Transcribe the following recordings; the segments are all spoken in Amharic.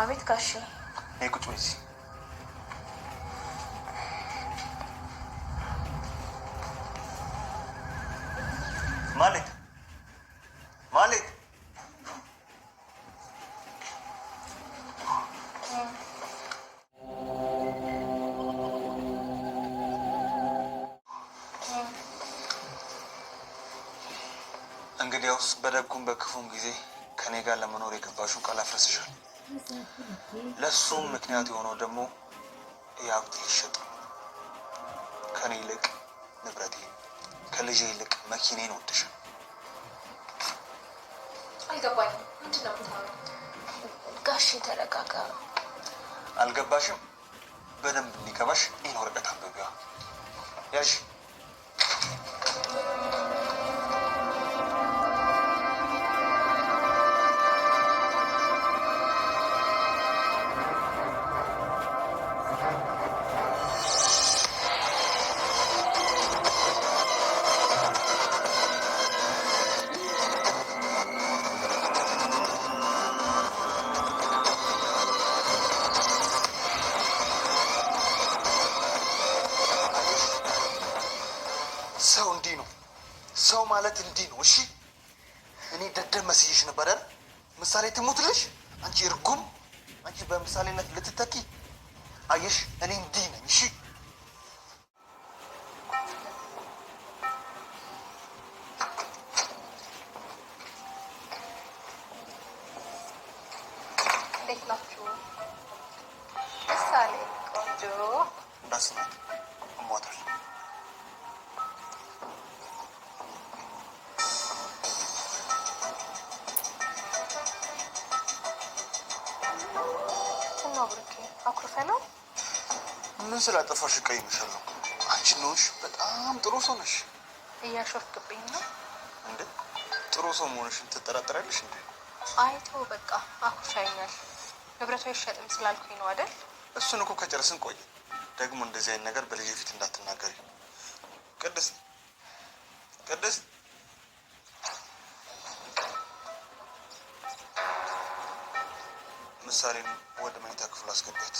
አቤት ጋሼ። ነይ ቁጭ በይ እዚህ። ማለት ማለት እንግዲያውስ በደጉም በክፉም ጊዜ ከኔ ጋር ለመኖር የገባሽው ቃል አፍረስሻል። ለእሱም ምክንያት የሆነው ደግሞ የሀብት ሊሸጥ ከኔ ይልቅ ንብረቴ ከልጄ ይልቅ መኪኔን ወድሽ። አልገባኝም። ጋሽ? ተረጋጋ። አልገባሽም? በደንብ እንዲገባሽ ይህን ወረቀት አንብቢዋ ያዥ እንዲህ ነው። እሺ እኔ ደደብ መስዬሽ ነበር አይደል? ምሳሌ ትሙትልሽ አንቺ እርጉም፣ አንቺ በምሳሌነት ልትተኪ። አየሽ እኔ እንዲህ ነኝ። እሺ አኩርፈ ነው ምን ስላጠፋሽ እቀይምሻለሁ? አንቺ ነሽ፣ በጣም ጥሩ ሰው ነሽ። እያሾፍክብኝ ነው እንዴ? ጥሩ ሰው መሆንሽን ትጠራጠራለሽ እንዴ? አይቶ በቃ አኩርፈኛል። ንብረቱ አይሸጥም ስላልኩኝ ነው አይደል? እሱን እኮ ከጨረስን ቆየ። ደግሞ እንደዚህ አይነት ነገር በልጅ ፊት እንዳትናገሪ ቅድስት። ቅድስት ምሳሌን ወደ መኝታ ክፍል አስገባት።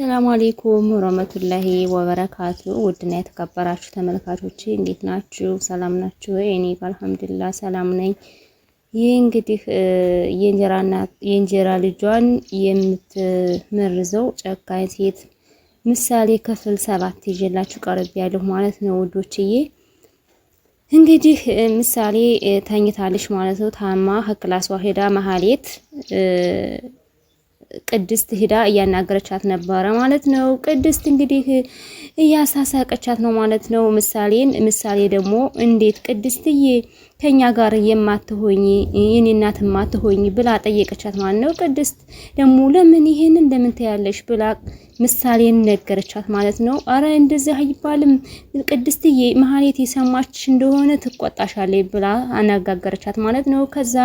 ሰላም አሌይኩም ወረመቱላሂ ወበረካቱ። ውድና የተከበራችሁ ተመልካቾች እንዴት ናችሁ? ሰላም ናችሁ? እኔ አልሐምዱላ ሰላም ነኝ። ይህ እንግዲህ የእንጀራ ልጇን የምትመርዘው ጨካኝ ሴት ምሳሌ ክፍል ሰባት ይዤላችሁ ቀርብ ያለሁ ማለት ነው ውዶችዬ። እንግዲህ ምሳሌ ተኝታለች ማለት ነው። ታማ ከክላሷ ሄዳ መሀሌት ቅድስት ሂዳ እያናገረቻት ነበረ ማለት ነው። ቅድስት እንግዲህ እያሳሳቀቻት ነው ማለት ነው ምሳሌን። ምሳሌ ደግሞ እንዴት ቅድስትዬ ከኛ ጋር የማትሆኝ የኔ እናት የማትሆኝ ብላ ጠየቀቻት ማለት ነው። ቅድስት ደግሞ ለምን ይሄንን ለምን ትያለሽ ብላ ምሳሌን ነገረቻት ማለት ነው። አረ እንደዚህ አይባልም ቅድስትዬ፣ መሀሌት የሰማች እንደሆነ ትቆጣሻለች ብላ አነጋገረቻት ማለት ነው። ከዛ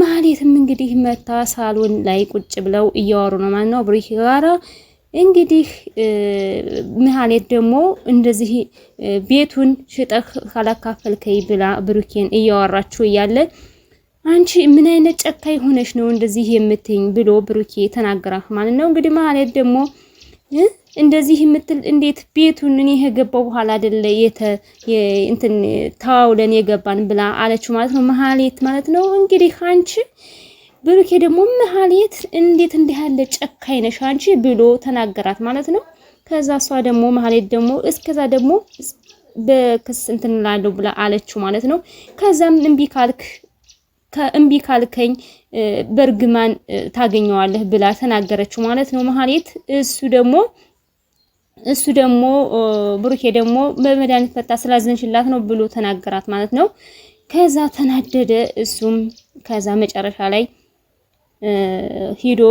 ማህሌትም እንግዲህ መታ ሳሎን ላይ ቁጭ ብለው እያወሩ ነው ማለት ነው ብሩክ ጋራ እንግዲህ ማህሌት ደግሞ እንደዚህ ቤቱን ሽጠህ ካላካፈልከኝ ብላ ብሩኬን እያወራችሁ እያለ አንቺ ምን አይነት ጨካኝ ሆነሽ ነው እንደዚህ የምትኝ ብሎ ብሩኬ ተናገራት ማለት ነው። እንግዲህ ማህሌት ደግሞ እንደዚህ የምትል እንዴት ቤቱን እኔ የገባው በኋላ አይደለ የተ እንትን ተዋውለን የገባን ብላ አለችው ማለት ነው። መሀሌት ማለት ነው እንግዲህ አንቺ ብሩኬ ደግሞ መሀሌት እንዴት እንዲህ ያለ ጨካኝ ነሽ አንቺ ብሎ ተናገራት ማለት ነው። ከዛ እሷ ደግሞ መሀሌት ደግሞ እስከዛ ደግሞ በክስ እንትን እላለሁ ብላ አለችው ማለት ነው። ከዛም እምቢ ካልክ ከእምቢ ካልከኝ በእርግማን ታገኘዋለህ ብላ ተናገረችው ማለት ነው መሀሌት እሱ ደግሞ እሱ ደግሞ ብሩኬ ደግሞ በመድኃኒት ፈታ ስላዘንሽላት ነው ብሎ ተናገራት ማለት ነው። ከዛ ተናደደ እሱም። ከዛ መጨረሻ ላይ ሂዶ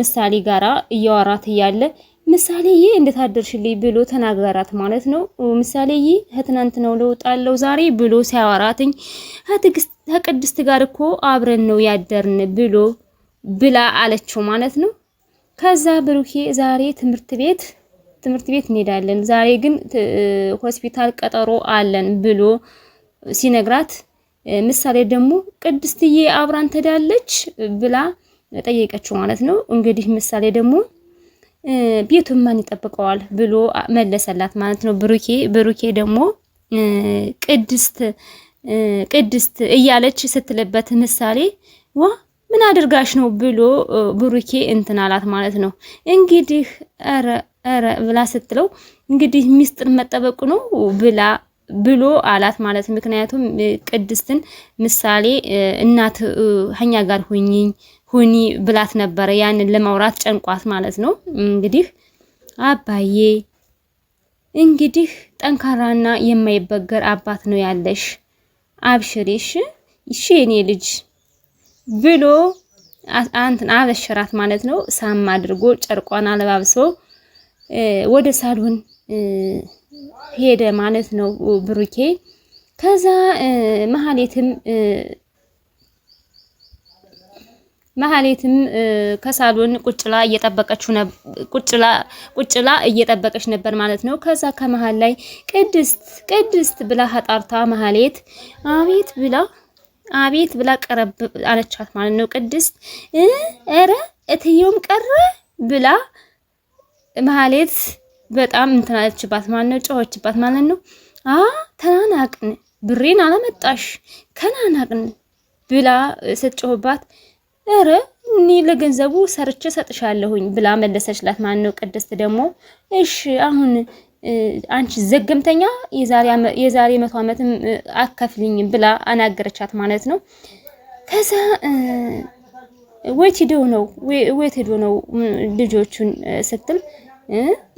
ምሳሌ ጋራ እያወራት እያለ ምሳሌዬ እንዴት አደርሽልኝ ብሎ ተናገራት ማለት ነው። ምሳሌዬ ከትናንት ነው ለውጣለው ዛሬ ብሎ ሲያወራትኝ ከቅድስት ጋር እኮ አብረን ነው ያደርን ብሎ ብላ አለችው ማለት ነው። ከዛ ብሩኬ ዛሬ ትምህርት ቤት ትምህርት ቤት እንሄዳለን፣ ዛሬ ግን ሆስፒታል ቀጠሮ አለን ብሎ ሲነግራት፣ ምሳሌ ደግሞ ቅድስትዬ አብራን ትሄዳለች ብላ ጠየቀችው ማለት ነው። እንግዲህ ምሳሌ ደግሞ ቤቱን ማን ይጠብቀዋል ብሎ መለሰላት ማለት ነው። ብሩኬ ብሩኬ ደግሞ ቅድስት ቅድስት እያለች ስትልበት ምሳሌ ዋ ምን አድርጋሽ ነው ብሎ ብሩኬ እንትን አላት ማለት ነው። እንግዲህ ኧረ ብላ ስትለው እንግዲህ ሚስጥር መጠበቁ ነው ብላ ብሎ አላት ማለት ምክንያቱም ቅድስትን ምሳሌ እናት ሀኛ ጋር ሁኝኝ ሁኒ ብላት ነበረ። ያንን ለማውራት ጨንቋት ማለት ነው። እንግዲህ አባዬ እንግዲህ ጠንካራና የማይበገር አባት ነው ያለሽ፣ አብሽሬሽ እሺ የኔ ልጅ ብሎ አንተን አበሽራት ማለት ነው። ሳም አድርጎ ጨርቋን አለባብሶ ወደ ሳሎን ሄደ ማለት ነው ብሩኬ። ከዛ መሀሌትም መሀሌትም ከሳሎን ቁጭላ እየጠበቀችው ቁጭላ ቁጭላ እየጠበቀች ነበር ማለት ነው። ከዛ ከመሀል ላይ ቅድስት ቅድስት ብላ ሀጣርታ መሀሌት አቤት ብላ አቤት ብላ ቀረብ አለቻት ማለት ነው። ቅድስት እረ እትየውም ቀረ ብላ መሀሌት በጣም እንትናችባት ማለት ነው፣ ጮኸችባት ማለት ነው። አ ተናናቅን ብሬን አላመጣሽ ከናናቅን ብላ ስትጮህባት ኧረ እኔ ለገንዘቡ ሰርቼ ሰጥሻለሁኝ ብላ መለሰችላት ማለት ነው። ቅድስት ደግሞ እሺ አሁን አንቺ ዘገምተኛ የዛሬ መቶ ዓመትም አከፍልኝም ብላ አናገረቻት ማለት ነው። ከዛ ወይት ሄዶ ነው ወይት ሄዶ ነው ልጆቹን ስትል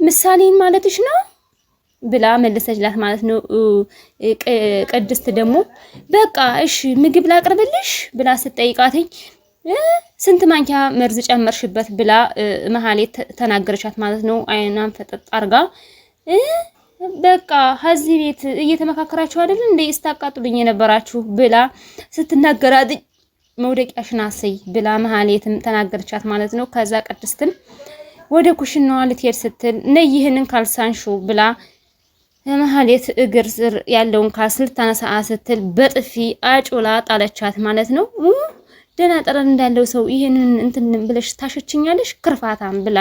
ምሳሌን ማለትሽ ነው ብላ መለሰችላት ማለት ነው። ቅድስት ደግሞ በቃ እሺ ምግብ ላቅርብልሽ ብላ ስትጠይቃትኝ ስንት ማንኪያ መርዝ ጨመርሽበት ብላ መሀሌት ተናገረቻት ማለት ነው። አይናን ፈጠጥ አርጋ በቃ ከዚህ ቤት እየተመካከራችሁ አይደል እንደ ስታቃጥሉኝ የነበራችሁ ብላ ስትናገራት መውደቂያሽን አሰይ ብላ መሀሌትም ተናገረቻት ማለት ነው። ከዛ ቅድስትም ወደ ኩሽናዋ ልትሄድ ስትል ነይ ይህንን ካልሳንሹ ብላ መሀሌት እግር ስር ያለውን ካልስ ልታነሳ ስትል በጥፊ አጮላ ጣለቻት ማለት ነው። ደህና ጠረን እንዳለው ሰው ይህንን እንትን ብለሽ ታሸችኛለሽ ክርፋታም ብላ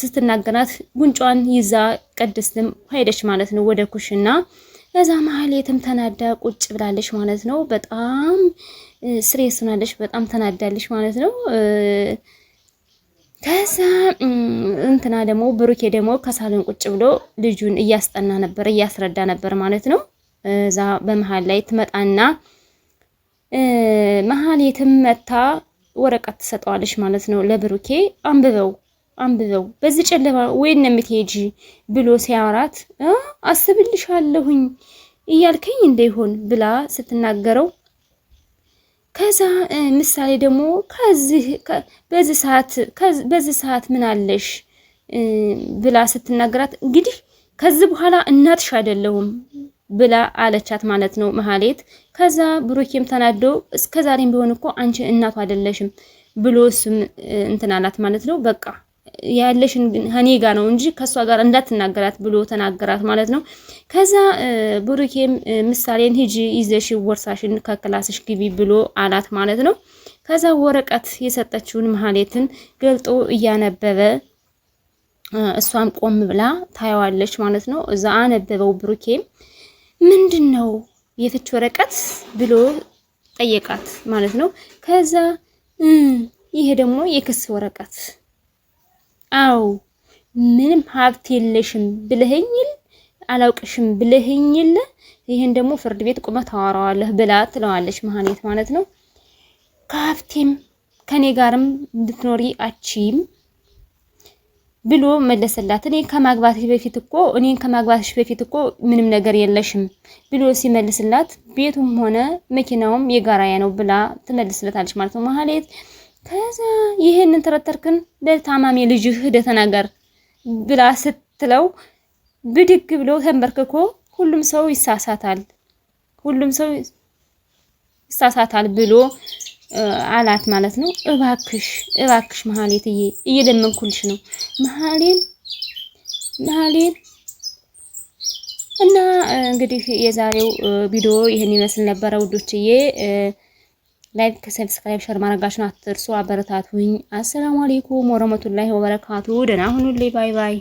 ስትናገራት ጉንጯን ይዛ ቅድስትም ሄደች ማለት ነው ወደ ኩሽና። እዛ ማህሌትም ተናዳ ቁጭ ብላለች ማለት ነው። በጣም ስሬስ ሆናለች። በጣም ተናዳለች ማለት ነው። ከዛ እንትና ደግሞ ብሩኬ ደግሞ ከሳሎን ቁጭ ብሎ ልጁን እያስጠና ነበር፣ እያስረዳ ነበር ማለት ነው። እዛ በመሀል ላይ ትመጣና መሀል የትመታ ወረቀት ትሰጠዋለች ማለት ነው ለብሩኬ አንብበው አንብበው በዚህ ጨለማ ወይን የምትሄጂ ብሎ ሲያወራት አስብልሻለሁኝ እያልከኝ ይሆን ብላ ስትናገረው ከዛ ምሳሌ ደግሞ በዚህ ሰዓት በዚህ ሰዓት ምን አለሽ ብላ ስትናገራት እንግዲህ ከዚህ በኋላ እናትሽ አይደለሁም ብላ አለቻት ማለት ነው መሀሌት። ከዛ ብሩኬም ተናዶ እስከዛሬም ቢሆን እኮ አንቺ እናቱ አይደለሽም ብሎ እሱም እንትን አላት ማለት ነው በቃ ያለሽን ሀኔ ጋ ነው እንጂ ከእሷ ጋር እንዳትናገራት ብሎ ተናገራት ማለት ነው። ከዛ ብሩኬም ምሳሌን ሂጂ ይዘሽ ወርሳሽን ከክላስሽ ግቢ ብሎ አላት ማለት ነው። ከዛ ወረቀት የሰጠችውን መሀሌትን ገልጦ እያነበበ እሷም ቆም ብላ ታየዋለች ማለት ነው። እዛ አነበበው ብሩኬም ምንድን ነው የፍች ወረቀት ብሎ ጠየቃት ማለት ነው። ከዛ ይሄ ደግሞ የክስ ወረቀት አው ምንም ሀብት የለሽም ብለኸኝል አላውቅሽም ብለህኝል ይህን ደግሞ ፍርድ ቤት ቁመህ ታወራዋለህ ብላ ትለዋለች መሀሌት ማለት ነው። ከሀብቴም ከኔ ጋርም እንድትኖሪ አቺም ብሎ መለሰላት። እኔ ከማግባትሽ በፊት እኮ እኔን ከማግባትሽ በፊት እኮ ምንም ነገር የለሽም ብሎ ሲመልስላት ቤቱም ሆነ መኪናውም የጋራያ ነው ብላ ትመልስለታለች ማለት ነው መሀሌት ከዛ ይሄንን ተረተርክን ለታማሚ ልጅህ ተናገር ብላ ስትለው ብድግ ብሎ ተንበርክኮ ሁሉም ሰው ይሳሳታል፣ ሁሉም ሰው ይሳሳታል ብሎ አላት ማለት ነው። እባክሽ እባክሽ መሀሌትዬ እየለመንኩልሽ ነው መሀሌን መሀሌን እና እንግዲህ የዛሬው ቪዲዮ ይህን ይመስል ነበረ ውዶችዬ። ላይክ ሰብስክራይብ ሸር ማድረጋችሁን አትርሱ። አበረታቱኝ። አሰላሙ አሌይኩም ወረመቱላሂ ወበረካቱ። ደህና ሁኑልኝ። ባይ ባይ